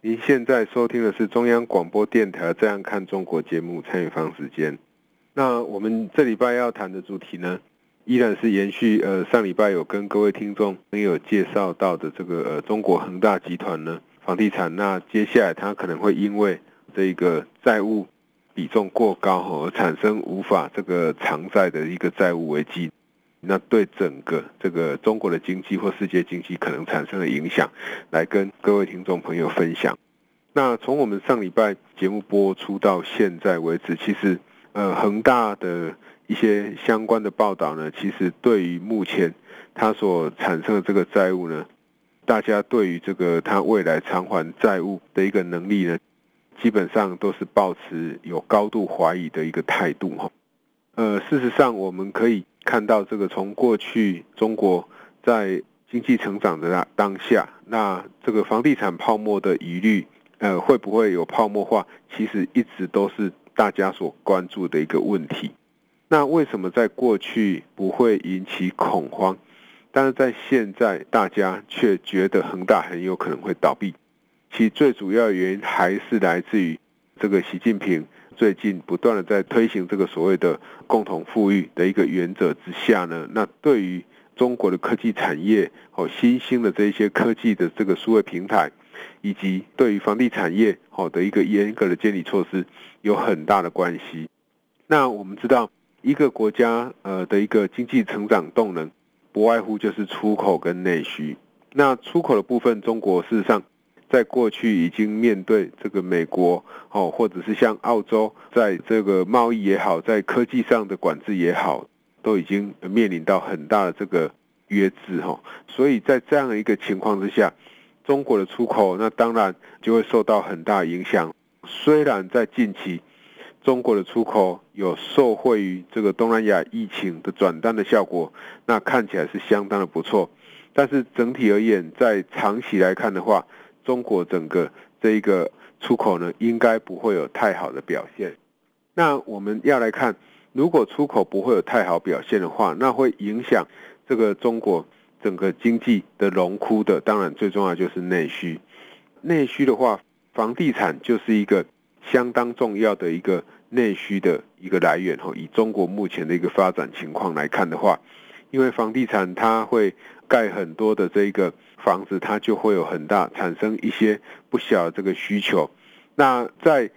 您現在收聽的是中央廣播電台《這樣看中國》節目，蔡明芳時間。那我們這禮拜要談的主題呢，依然是延續呃上禮拜有跟各位聽眾朋友介紹到的這個呃中國恆大集團呢房地產。那接下來它可能會因為這一個債務比重過高而產生無法這個償債的一個債務危機。那對整個這個中國的經濟或世界經濟可能產生的影響，來跟各位聽眾朋友分享。那從我們上禮拜節目播出到現在為止，其實，呃，恆大的一些相關的報道呢，其實對於目前他所產生的這個債務呢，大家對於這個他未來償還債務的一個能力呢，基本上都是抱持有高度懷疑的一個態度。呃，事實上，我們可以看到，這個從過去中國在經濟成長的當下，那這個房地產泡沫的疑慮，呃，會不會有泡沫化，其實一直都是大家所關注的一個問題。那為什麼在過去不會引起恐慌，但是在現在大家卻覺得恆大很有可能會倒閉？其實最主要原因還是來自於這個習近平。最近不斷的在推行這個所謂的共同富裕的一個原則之下呢，那對於中國的科技產業和、哦、新興的這一些科技的這個數位平台，以及對於房地產業好的一個嚴格的監理措施，有很大的關係。那我們知道，一個國家呃的一個經濟成長動能，不外乎就是出口跟內需。那出口的部分，中國事實上。在過去已經面對這個美國哦，或者是像澳洲，在這個貿易也好，在科技上的管制也好，都已經面臨到很大的這個約制哈。所以在這樣的一個情況之下，中國的出口，那當然就會受到很大影響。雖然在近期中國的出口有受惠於這個東南亞疫情的轉單的效果，那看起來是相當的不錯，但是整體而言，在長期來看的話，中國整個這一個出口呢，應該不會有太好的表現。那我們要來看，如果出口不會有太好表現的話，那會影響這個中國整個經濟的榮枯的。當然，最重要的就是內需。內需的話，房地產就是一個相當重要的一個內需的一個來源。哈，以中國目前的一個發展情況來看的話。因為房地產它會蓋很多的這個房子，它就會有很大產生一些不小的這個需求。那在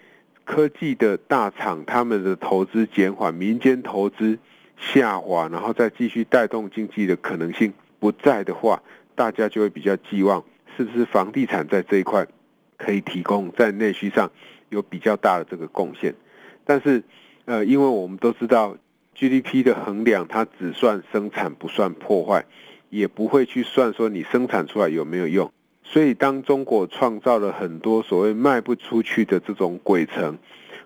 科技的大廠，他們的投資減緩，民間投資下滑，然後再繼續帶動經濟的可能性不在的話，大家就會比較寄望是不是房地產在這一塊可以提供，在內需上有比較大的這個貢獻。但是，呃，因為我們都知道。GDP 的衡量，它只算生產，不算破壞，也不會去算說你生產出來有沒有用。所以，當中國創造了很多所謂賣不出去的這種鬼城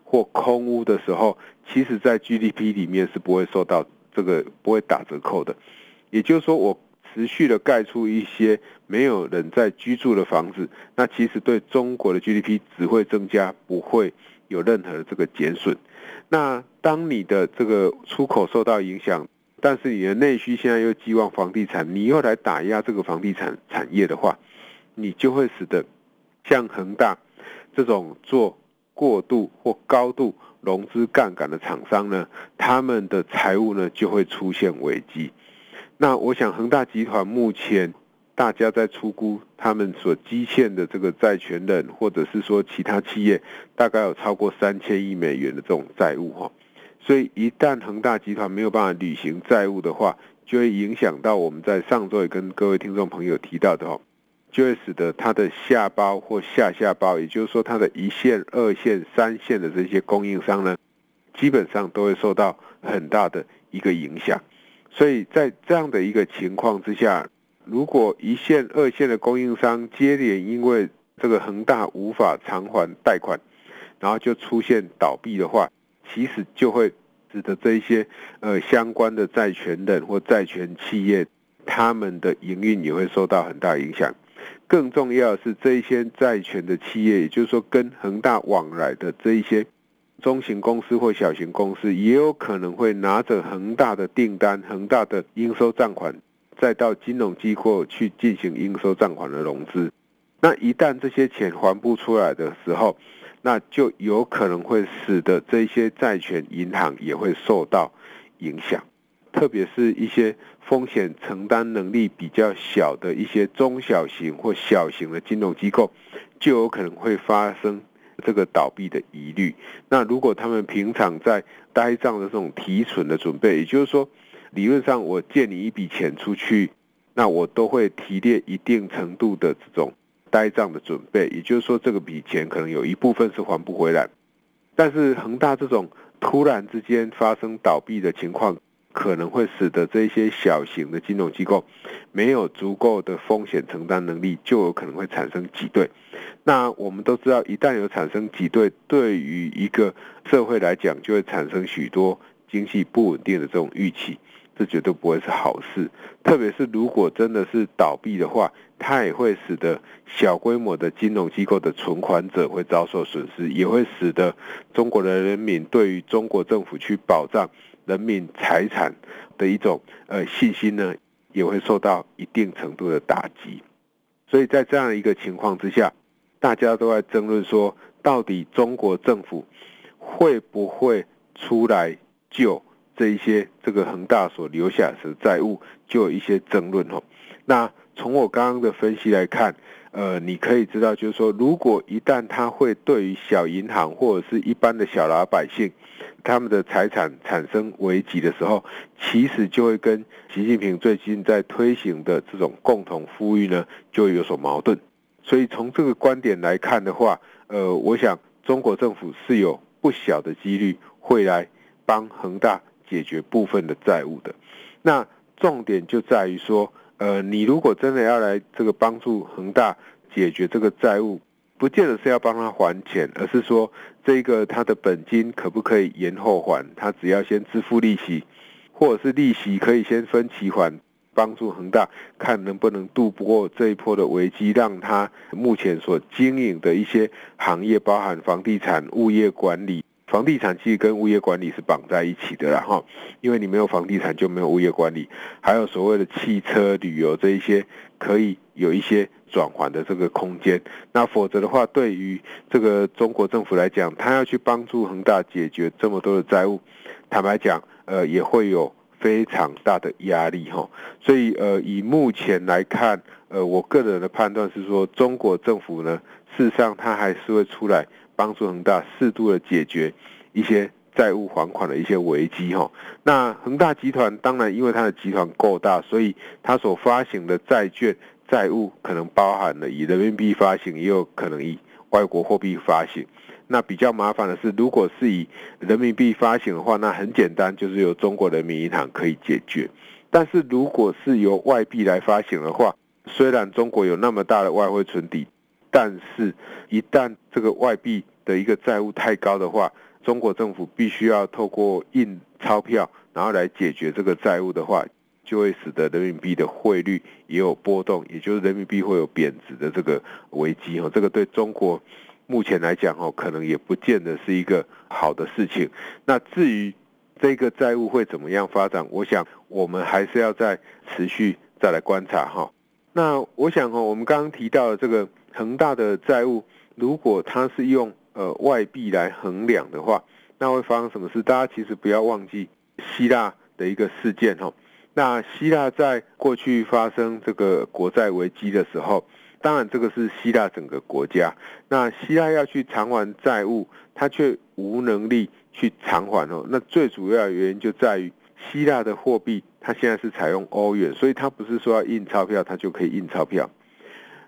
或空屋的時候，其實在 GDP 裡面是不會受到這個不會打折扣的。也就是說，我持續的蓋出一些沒有人在居住的房子，那其實對中國的 GDP 只會增加，不會有任何的這個減損。那。當你的這個出口受到影響，但是你的內需現在又寄望房地產，你又來打壓這個房地產產業的話，你就會使得像恆大這種做過度或高度融資槓桿的廠商呢，他們的財務呢就會出現危機。那我想恆大集團目前大家在粗估他們所積欠的這個債權人，或者是說其他企業，大概有超過三千億美元的這種債務哈。所以，一旦恆大集團沒有辦法履行債務的話，就會影響到我們在上周也跟各位聽眾朋友提到的哦，就會使得它的下包或下下包，也就是說它的一線、二線、三線的這些供應商呢，基本上都會受到很大的一個影響。所以在這樣的一個情況之下，如果一線、二線的供應商接連因為這個恆大無法償還貸款，然後就出現倒閉的話，其實就會使得這一些呃相關的債權人或債權企業，他們的營運也會受到很大影響。更重要的是，這一些債權的企業，也就是說跟恆大往來的這一些中型公司或小型公司，也有可能會拿着恆大的訂單、恆大的應收賬款，再到金融機構去進行應收賬款的融資。那一旦這些錢還不出來的時候，那就有可能會使得這些債權銀行也會受到影響，特別是一些風險承擔能力比較小的一些中小型或小型的金融機構，就有可能會發生這個倒閉的疑慮。那如果他們平常在呆賬的這種提存的準備，也就是說，理論上我借你一筆錢出去，那我都會提列一定程度的這種。呆賬的準備，也就是說，這個筆錢可能有一部分是還不回來。但是恆大這種突然之間發生倒閉的情況，可能會使得這些小型的金融機構沒有足夠的風險承擔能力，就有可能會產生擠兌。那我們都知道，一旦有產生擠兌，對於一個社會來講，就會產生許多經濟不穩定的這種預期，這絕對不會是好事。特別是如果真的是倒閉的話。它也會使得小規模的金融機構的存款者會遭受損失，也會使得中國的人民對於中國政府去保障人民財產的一種呃信心呢，也會受到一定程度的打擊。所以在這樣一個情況之下，大家都在爭論說，到底中國政府會不會出來救這一些這個恆大所留下的債務，就有一些爭論吼。那。從我剛剛的分析來看，呃，你可以知道，就是說，如果一旦他會對於小銀行或者是一般的小老百姓，他們的財產產生危機的時候，其實就會跟習近平最近在推行的這種共同富裕呢，就會有所矛盾。所以從這個觀點來看的話，呃，我想中國政府是有不小的幾率會來幫恆大解決部分的債務的。那重點就在於說。呃，你如果真的要來這個幫助恆大解決這個債務，不見得是要幫他還錢，而是說這個他的本金可不可以延後還？他只要先支付利息，或者是利息可以先分期還，幫助恆大看能不能渡不過這一波的危機，讓他目前所經營的一些行業，包含房地產、物業管理。房地產其實跟物業管理是綁在一起的啦，然後因為你沒有房地產，就沒有物業管理，還有所謂的汽車旅遊這一些，可以有一些轉圜的這個空間。那否則的話，對於這個中國政府來講，他要去幫助恆大解決這麼多的債務，坦白講，呃，也會有非常大的壓力哈。所以，呃，以目前來看，呃，我個人的判斷是說，中國政府呢，事實上它還是會出來。幫助恆大適度的解決一些債務還款的一些危機哈。那恆大集團當然因為它的集團夠大，所以它所發行的債券債務可能包含了以人民幣發行，也有可能以外國貨幣發行。那比較麻煩的是，如果是以人民幣發行的話，那很簡單，就是由中國人民銀行可以解決。但是如果是由外幣來發行的話，雖然中國有那麼大的外匯存底。但是，一旦這個外幣的一個債務太高的話，中國政府必須要透過印鈔票，然後來解決這個債務的話，就會使得人民幣的匯率也有波動，也就是人民幣會有貶值的這個危機。哦，這個對中國目前來講，哦，可能也不見得是一個好的事情。那至於這個債務會怎麼樣發展，我想我們還是要再持續再來觀察。哈。那我想哈，我們剛剛提到的這個恆大的債務，如果它是用呃外幣來衡量的話，那會發生什麼事？大家其實不要忘記希臘的一個事件哈。那希臘在過去發生這個國債危機的時候，當然這個是希臘整個國家，那希臘要去償還債務，它卻無能力去償還哦。那最主要的原因就在於。希臘的貨幣，它現在是採用歐元，所以它不是說要印鈔票它就可以印鈔票。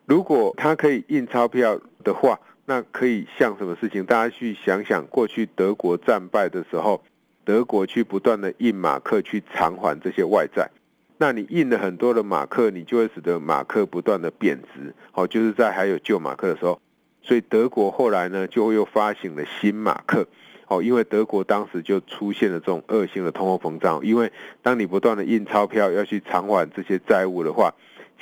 如果它可以印鈔票的話，那可以像什麼事情？大家去想想，過去德國戰敗的時候，德國去不斷的印馬克去償還這些外債，那你印了很多的馬克，你就會使得馬克不斷的貶值。好，就是在還有舊馬克的時候，所以德國後來呢就又發行了新馬克。哦，因為德國當時就出現了這種惡性的通貨膨脹，因為當你不斷的印鈔票要去償還這些債務的話，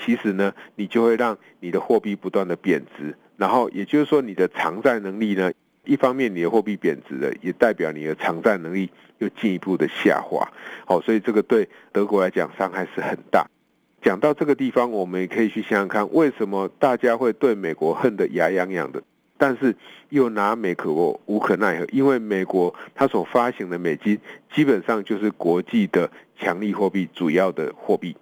其實呢，你就會讓你的貨幣不斷的貶值，然後也就是說你的償債能力呢，一方面你的貨幣貶值了，也代表你的償債能力又進一步的下滑。好，所以這個對德國來講傷害是很大。講到這個地方，我們也可以去想想看，為什麼大家會對美國恨得牙癢癢的？但是又拿美國無可奈何，因為美國它所發行的美金基本上就是國際的強力貨幣，主要的貨幣，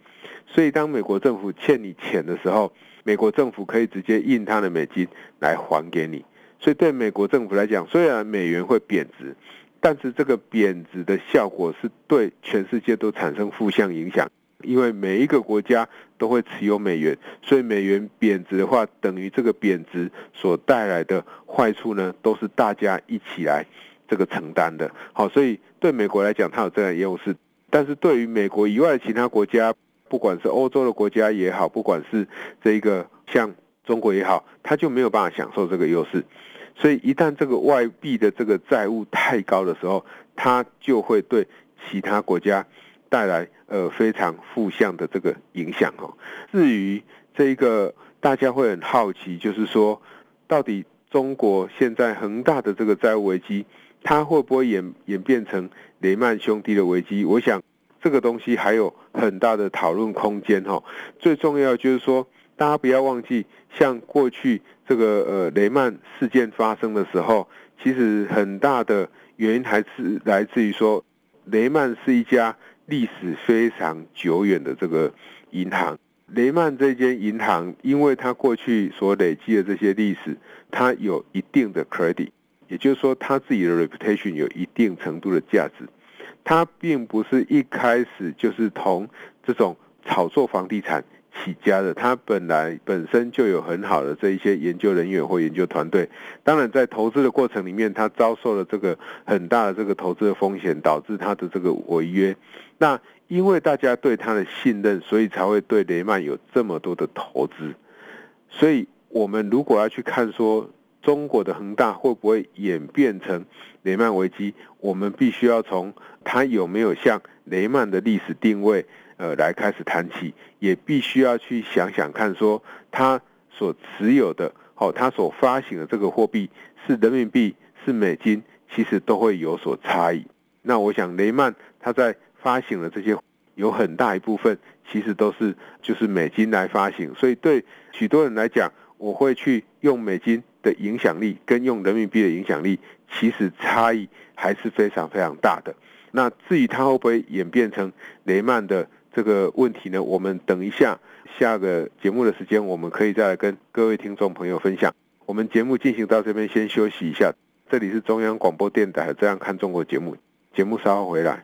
所以當美國政府欠你錢的時候，美國政府可以直接印它的美金來還給你。所以對美國政府來講，雖然美元會貶值，但是這個貶值的效果是對全世界都產生負向影響。因為每一個國家都會持有美元，所以美元貶值的話，等於這個貶值所帶來的壞處呢，都是大家一起來這個承擔的。好，所以對美國來講，它有這樣的優勢，但是對於美國以外的其他國家，不管是歐洲的國家也好，不管是這個像中國也好，它就沒有辦法享受這個優勢。所以一旦這個外幣的這個債務太高的時候，它就會對其他國家。帶來呃非常負向的這個影響哦。至於這個大家會很好奇，就是說到底中國現在恆大的這個債務危機，它會不會演演變成雷曼兄弟的危機？我想這個東西還有很大的討論空間哦。最重要就是說大家不要忘記，像過去這個呃雷曼事件發生的時候，其實很大的原因還是來自於說雷曼是一家。歷史非常久遠的這個銀行，雷曼這間銀行，因為它過去所累積的這些歷史，它有一定的 credit，也就是說，它自己的 reputation 有一定程度的價值。它並不是一開始就是同這種炒作房地產。起家的，他本來本身就有很好的這一些研究人員或研究團隊，當然在投資的過程裡面，他遭受了這個很大的這個投資的風險，導致他的這個違約。那因為大家對他的信任，所以才會對雷曼有這麼多的投資。所以，我們如果要去看說中國的恆大會不會演變成雷曼危機，我們必須要從他有沒有像雷曼的歷史定位。呃，來開始談起，也必須要去想想看說，說他所持有的，哦，他所發行的這個貨幣是人民幣，是美金，其實都會有所差異。那我想雷曼他在發行的這些，有很大一部分其實都是就是美金來發行，所以對許多人來講，我會去用美金的影響力跟用人民幣的影響力，其實差異還是非常非常大的。那至於他會不會演變成雷曼的？這個問題呢，我們等一下下個節目的時間，我們可以再來跟各位聽眾朋友分享。我們節目進行到這邊先休息一下。這裡是中央廣播電台《這樣看中國》節目，節目稍後回來。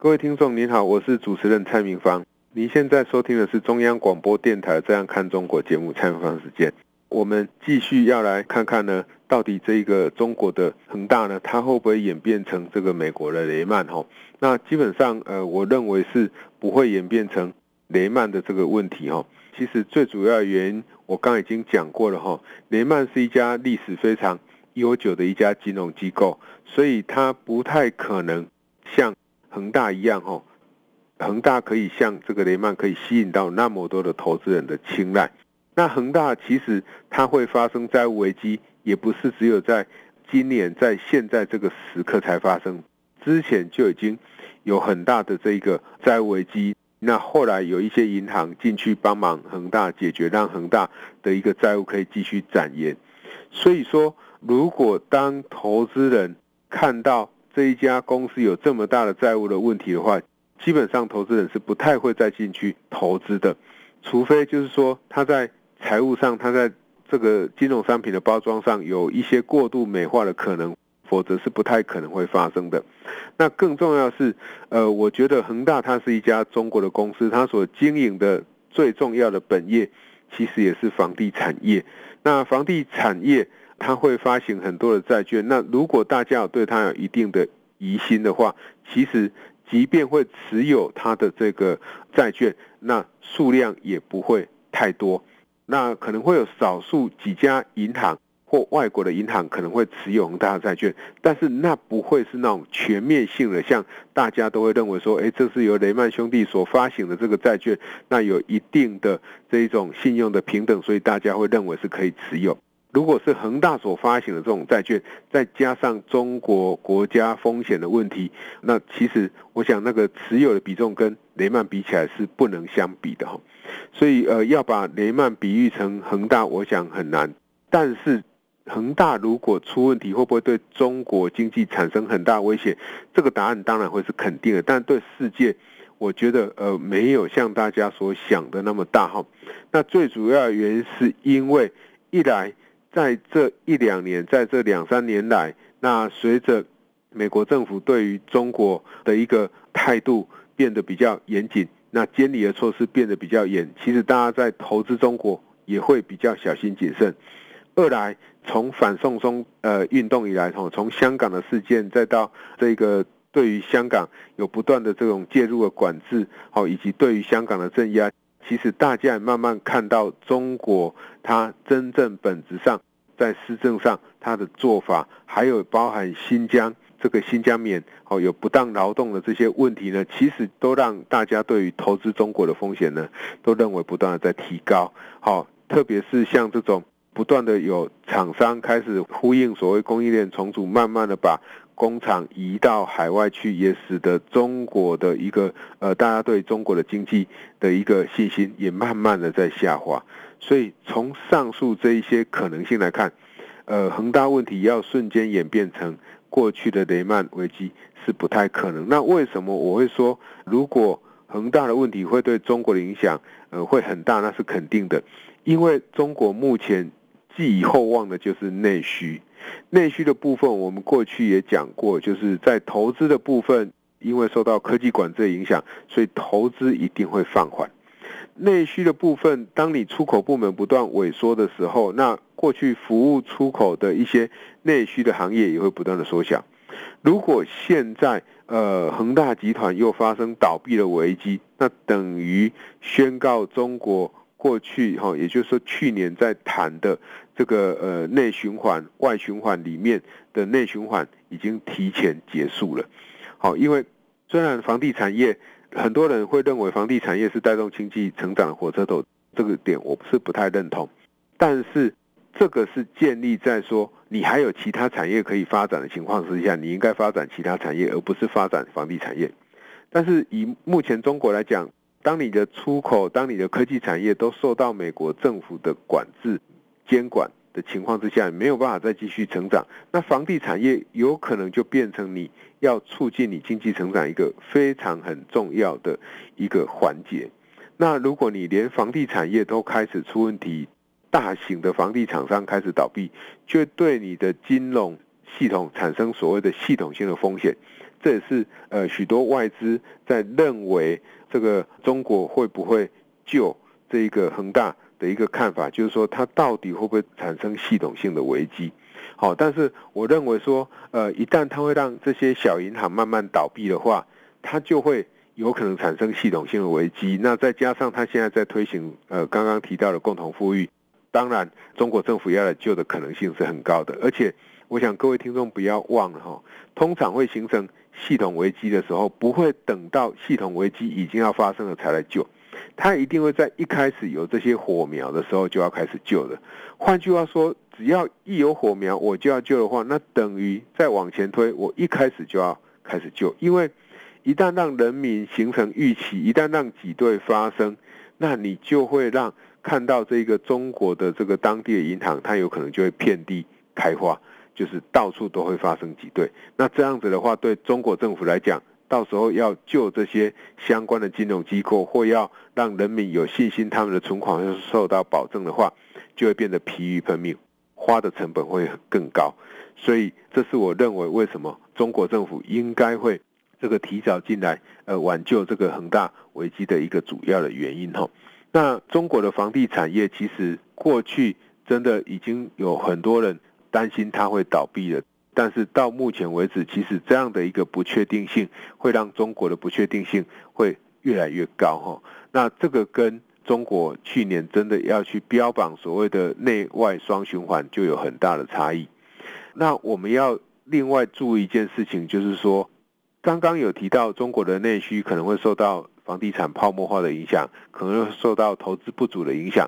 各位聽眾您好，我是主持人蔡明芳。您現在收聽的是中央廣播電台《這樣看中國》節目。蔡明芳時間，我們繼續要來看看呢，到底這個中國的恆大呢，它會不會演變成這個美國的雷曼？哈，那基本上，呃，我認為是不會演變成雷曼的這個問題。哈，其實最主要的原因，我剛剛已經講過了。哈，雷曼是一家歷史非常悠久的一家金融機構，所以它不太可能像。恆大一樣哦，恆大可以像這個雷曼，可以吸引到那麼多的投資人的青睞。那恆大其實它會發生債務危機，也不是只有在今年在現在這個時刻才發生，之前就已經有很大的這一個債務危機。那後來有一些銀行進去幫忙恆大解決，讓恆大的一個債務可以繼續展延。所以說，如果當投資人看到，這一家公司有這麼大的債務的問題的話，基本上投資人是不太會再進去投資的，除非就是說他在財務上，他在這個金融商品的包裝上有一些過度美化的可能，否則是不太可能會發生的。那更重要的是，呃，我覺得恆大它是一家中國的公司，它所經營的最重要的本業其實也是房地產業，那房地產業。他會發行很多的債券，那如果大家有對他有一定的疑心的話，其實即便會持有他的這個債券，那數量也不會太多。那可能會有少數幾家銀行或外國的銀行可能會持有恆大的債券，但是那不會是那種全面性的，像大家都會認為說，哎，這是由雷曼兄弟所發行的這個債券，那有一定的這一種信用的評等，所以大家會認為是可以持有。如果是恆大所發行的這種債券，再加上中國國家風險的問題，那其實我想那個持有的比重跟雷曼比起來是不能相比的哈。所以呃，要把雷曼比喻成恆大，我想很難。但是恆大如果出問題，會不會對中國經濟產生很大威脅？這個答案當然會是肯定的。但對世界，我覺得呃沒有像大家所想的那麼大哈。那最主要的原因是因為一來。在這一兩年，在這兩三年來，那隨着美國政府對於中國的一個態度變得比較嚴謹，那監理的措施變得比較嚴，其實大家在投資中國也會比較小心謹慎。二來，從反送中呃運動以來，吼，從香港的事件，再到這個對於香港有不斷的這種介入的管制，吼，以及對於香港的鎮壓，其實大家也慢慢看到中國它真正本質上。在施政上，他的做法還有包含新疆這個新疆棉哦，有不當勞動的這些問題呢，其實都讓大家對於投資中國的風險呢，都認為不斷的在提高。好、哦，特別是像這種不斷的有廠商開始呼應所謂供應鏈重組，慢慢的把工廠移到海外去，也使得中國的一個呃，大家對中國的經濟的一個信心也慢慢的在下滑。所以從上述這一些可能性來看，呃，恆大問題要瞬間演變成過去的雷曼危機是不太可能。那為什麼我會說，如果恆大的問題會對中國的影響，呃，會很大，那是肯定的。因為中國目前寄以厚望的就是內需，內需的部分我們過去也講過，就是在投資的部分，因為受到科技管制的影響，所以投資一定會放緩。內需的部分，當你出口部門不斷萎縮的時候，那過去服務出口的一些內需的行業也會不斷的縮小。如果現在呃恆大集團又發生倒閉的危機，那等於宣告中國過去哈、哦，也就是說去年在談的這個呃內循環、外循環裡面的內循環已經提前結束了。好、哦，因為雖然房地產業。很多人會認為房地產業是帶動經濟成長的火車頭，這個點我是不太認同。但是這個是建立在說你還有其他產業可以發展的情況之下，你應該發展其他產業，而不是發展房地產業。但是以目前中國來講，當你的出口、當你的科技產業都受到美國政府的管制、監管。情況之下沒有辦法再繼續成長，那房地產業有可能就變成你要促進你經濟成長一個非常很重要的一個環節。那如果你連房地產業都開始出問題，大型的房地產商開始倒閉，就對你的金融系統產生所謂的系統性的風險。這也是呃許多外資在認為這個中國會不會救這一個恆大，的一個看法就是說，它到底會不會產生系統性的危機？好，但是我認為說，呃，一旦它會讓這些小銀行慢慢倒閉的話，它就會有可能產生系統性的危機。那再加上它現在在推行呃剛剛提到的共同富裕，當然中國政府要來救的可能性是很高的。而且我想各位聽眾不要忘了，通常會形成系統危機的時候，不會等到系統危機已經要發生了才來救。他一定會在一開始有這些火苗的時候就要開始救的。換句話說，只要一有火苗，我就要救的話，那等於再往前推，我一開始就要開始救。因為一旦讓人民形成預期，一旦讓擠兌發生，那你就會讓看到這個中國的這個當地的銀行，它有可能就會遍地開花，就是到處都會發生擠兌。那這樣子的話，對中國政府來講，到時候要救這些相關的金融機構，或要讓人民有信心他們的存款要受到保證的話，就會變得疲於奔命，花的成本會更高。所以，這是我認為為什麼中國政府應該會這個提早進來，呃，挽救這個恆大危機的一個主要的原因吼。那中國的房地產業其實過去真的已經有很多人擔心它會倒閉了。但是到目前為止，其實這樣的一個不確定性會讓中國的不確定性會越來越高吼。那這個跟中國去年真的要去標榜所謂的內外雙循環就有很大的差異。那我們要另外注意一件事情，就是說剛剛有提到中國的內需可能會受到房地產泡沫化的影響，可能會受到投資不足的影響。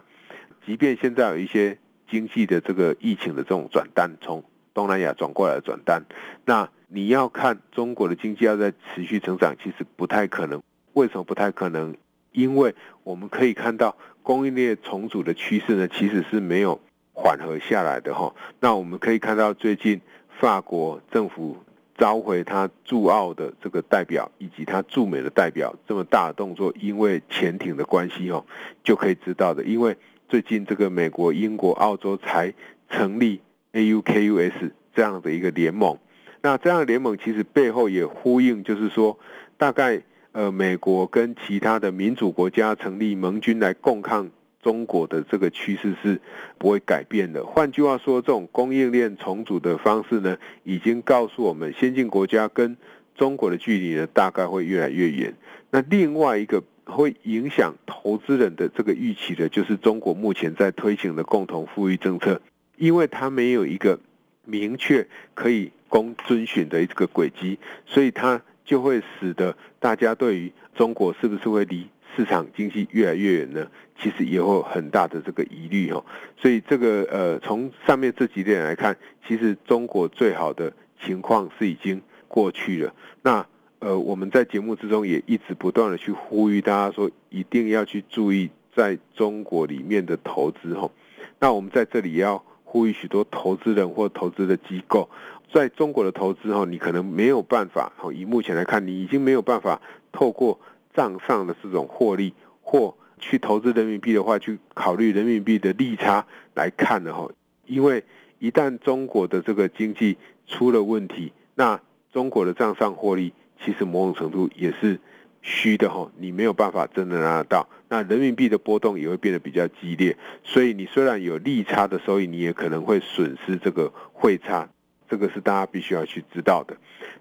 即便現在有一些經濟的這個疫情的這種轉淡衝，從東南亞轉過來轉單，那你要看中國的經濟要在持續成長，其實不太可能。為什麼不太可能？因為我們可以看到供應鏈重組的趨勢呢，其實是沒有緩和下來的齁。那我們可以看到最近法國政府召回他駐澳的這個代表以及他駐美的代表這麼大的動作，因為潛艇的關係哦，就可以知道的。因為最近這個美國、英國、澳洲才成立。AUKUS 這樣的一個聯盟，那這樣的聯盟其實背後也呼應，就是說，大概呃，美國跟其他的民主國家成立盟軍來共抗中國的這個趨勢是不會改變的。換句話說，這種供應鏈重組的方式呢，已經告訴我們，先進國家跟中國的距離呢，大概會越來越遠。那另外一個會影響投資人的這個預期的，就是中國目前在推行的共同富裕政策。因為它沒有一個明確可以供遵循的一個軌跡，所以它就會使得大家對於中國是不是會離市場經濟越來越遠呢？其實也會有很大的這個疑慮哦，所以這個呃，從上面這幾點來看，其實中國最好的情況是已經過去了。那呃，我們在節目之中也一直不斷的去呼籲大家說，一定要去注意在中國裡面的投資哦。那我們在這裡要。呼籲許多投資人或投資的機構，在中國的投資哈，你可能沒有辦法哈。以目前來看，你已經沒有辦法透過賬上的這種獲利或去投資人民幣的話，去考慮人民幣的利差來看的哈。因為一旦中國的這個經濟出了問題，那中國的賬上獲利其實某種程度也是虛的哈。你沒有辦法真的拿得到。那人民幣的波動也會變得比較激烈，所以你雖然有利差的收益，你也可能會損失這個匯差，這個是大家必須要去知道的。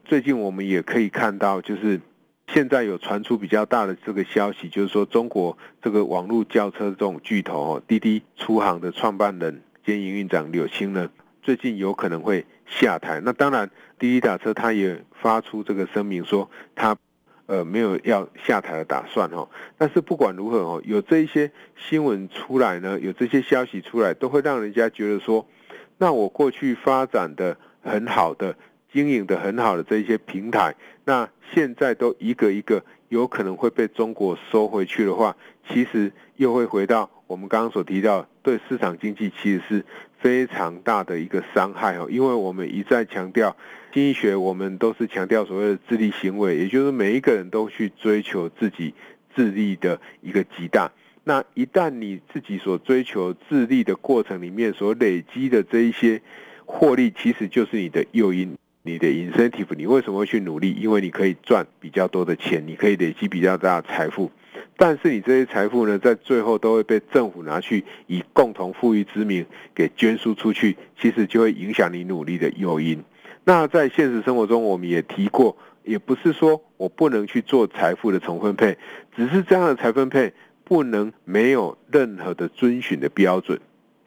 最近我們也可以看到，就是現在有傳出比較大的這個消息，就是說中國這個網絡叫車這種巨頭哦，滴滴出行的創辦人兼營運長柳青呢，最近有可能會下台。那當然，滴滴打車他也發出這個聲明說他。呃，沒有要下台的打算哦。但是不管如何哦，有這一些新聞出來呢，有這些消息出來，都會讓人家覺得說，那我過去發展的很好的，經營的很好的這些平台，那現在都一個一個有可能會被中國收回去的話，其實又會回到。我們剛剛所提到，對市場經濟其實是非常大的一個傷害哦，因為我們一再強調，經濟學我們都是強調所謂的自利行為，也就是每一個人都去追求自己自利的一個極大。那一旦你自己所追求自利的過程裡面所累積的這一些獲利，其實就是你的誘因，你的 incentive，你為什麼會去努力？因為你可以賺比較多的錢，你可以累積比較大的財富。但是你這些財富呢，在最後都會被政府拿去以共同富裕之名給捐輸出去，其實就會影響你努力的誘因。那在現實生活中，我們也提過，也不是說我不能去做財富的重分配，只是這樣的財分配不能沒有任何的遵循的標準。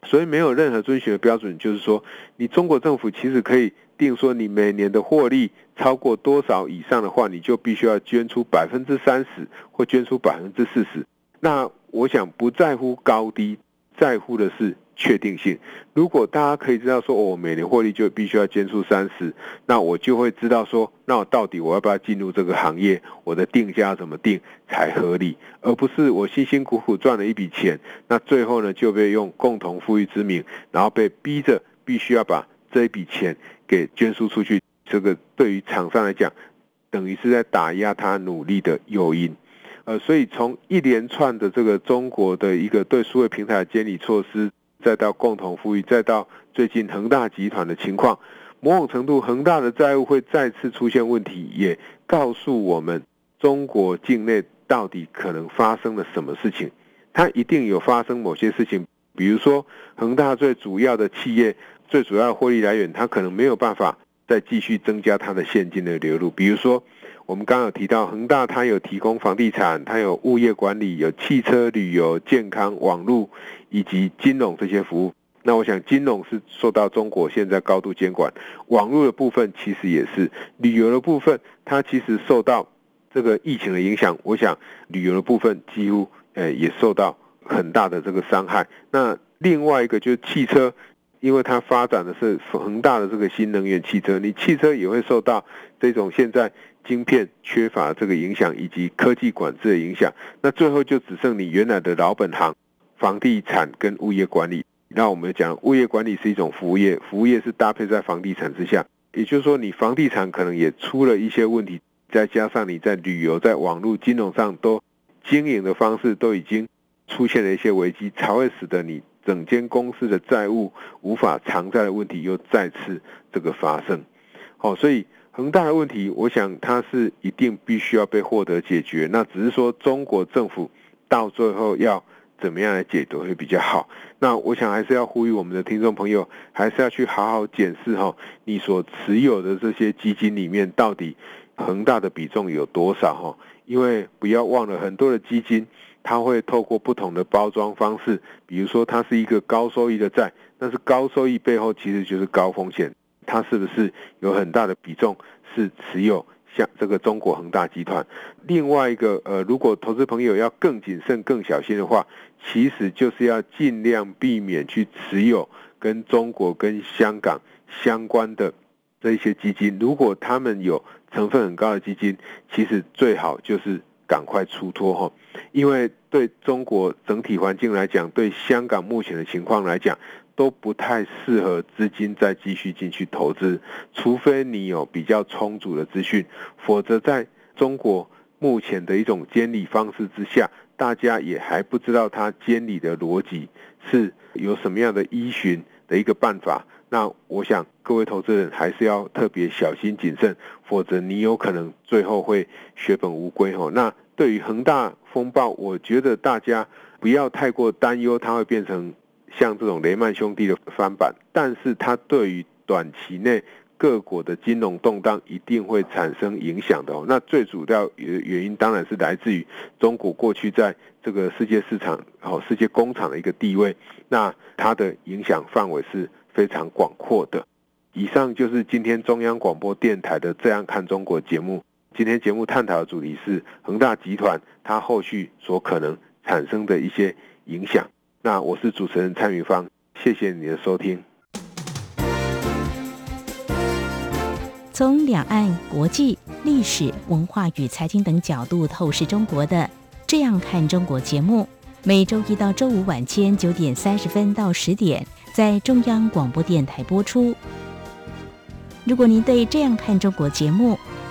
所以，沒有任何遵循的標準，就是說，你中國政府其實可以，定說你每年的獲利超過多少以上的話，你就必須要捐出百分之三十或捐出百分之四十。那我想不在乎高低，在乎的是確定性。如果大家可以知道說，哦，我每年獲利就必須要捐出三十，那我就會知道說，那我到底我要不要進入這個行業？我的定價要怎麼定才合理？而不是我辛辛苦苦賺了一筆錢，那最後呢就被用共同富裕之名，然後被逼着必須要把。這一筆錢給捐輸出去，這個對於廠商來講，等於是在打壓他努力的誘因。呃，所以從一連串的這個中國的一個對數位平台的監理措施，再到共同富裕，再到最近恆大集團的情況，某種程度，恆大的債務會再次出現問題，也告訴我們中國境內到底可能發生了什麼事情。它一定有發生某些事情，比如說恆大最主要的企業。最主要的獲利來源，它可能沒有辦法再繼續增加它的現金的流入。比如說，我們剛剛有提到恆大，它有提供房地產，它有物業管理，有汽車、旅遊、健康、網絡以及金融這些服務。那我想，金融是受到中國現在高度監管，網絡的部分其實也是，旅遊的部分它其實受到這個疫情的影響。我想，旅遊的部分幾乎呃、欸、也受到很大的這個傷害。那另外一個就是汽車。因為它發展的是恆大的這個新能源汽車，你汽車也會受到這種現在晶片缺乏這個影響，以及科技管制的影響，那最後就只剩你原來的老本行，房地產跟物業管理。那我們講物業管理是一種服務業，服務業是搭配在房地產之下，也就是說你房地產可能也出了一些問題，再加上你在旅遊、在網絡、金融上都經營的方式都已經。出現了一些危機，才會使得你整間公司的債務無法償債的問題又再次這個發生，哦、所以恆大的問題，我想它是一定必須要被獲得解決。那只是說中國政府到最後要怎麼樣來解決會比較好。那我想還是要呼籲我們的聽眾朋友，還是要去好好檢視哈、哦，你所持有的這些基金裡面到底恆大的比重有多少哈、哦？因為不要忘了很多的基金。他會透過不同的包裝方式，比如說它是一個高收益的債，但是高收益背後其實就是高風險，它是不是有很大的比重是持有像這個中國恆大集團？另外一個，呃，如果投資朋友要更謹慎、更小心的話，其實就是要盡量避免去持有跟中國、跟香港相關的這些基金。如果他們有成分很高的基金，其實最好就是。趕快出脫，因為對中國整體環境來講，對香港目前的情況來講，都不太適合資金再繼續進去投資，除非你有比較充足的資訊，否則在中國目前的一種監理方式之下，大家也還不知道他監理的邏輯是有什麼樣的依循的一個辦法。那我想各位投資人還是要特別小心謹慎，否則你有可能最後會血本無歸哈。那。對於恆大風暴，我覺得大家不要太過擔憂，它會變成像這種雷曼兄弟的翻版。但是它對於短期內各國的金融動盪一定會產生影響的哦。那最主要原原因當然是來自於中國過去在這個世界市場、哦世界工廠的一個地位，那它的影響範圍是非常廣闊的。以上就是今天中央廣播電台的《這樣看中國》節目。今天節目探討的主題是恆大集團，它後續所可能產生的一些影響。那我是主持人蔡明芳，謝謝你的收聽。從兩岸國際歷史文化與財經等角度透視中國的，這樣看中國節目，每周一到周五晚間九點三十分到十點在中央廣播電台播出。如果您對這樣看中國節目，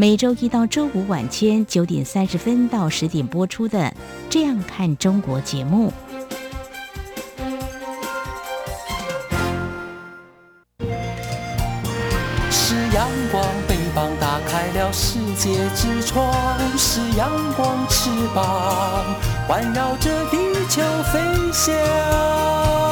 每週一到週五晚間九點三十分到十點播出的《這樣看中國》節目。是陽光臂膀打開了世界之窗，是陽光翅膀環繞着地球飛翔。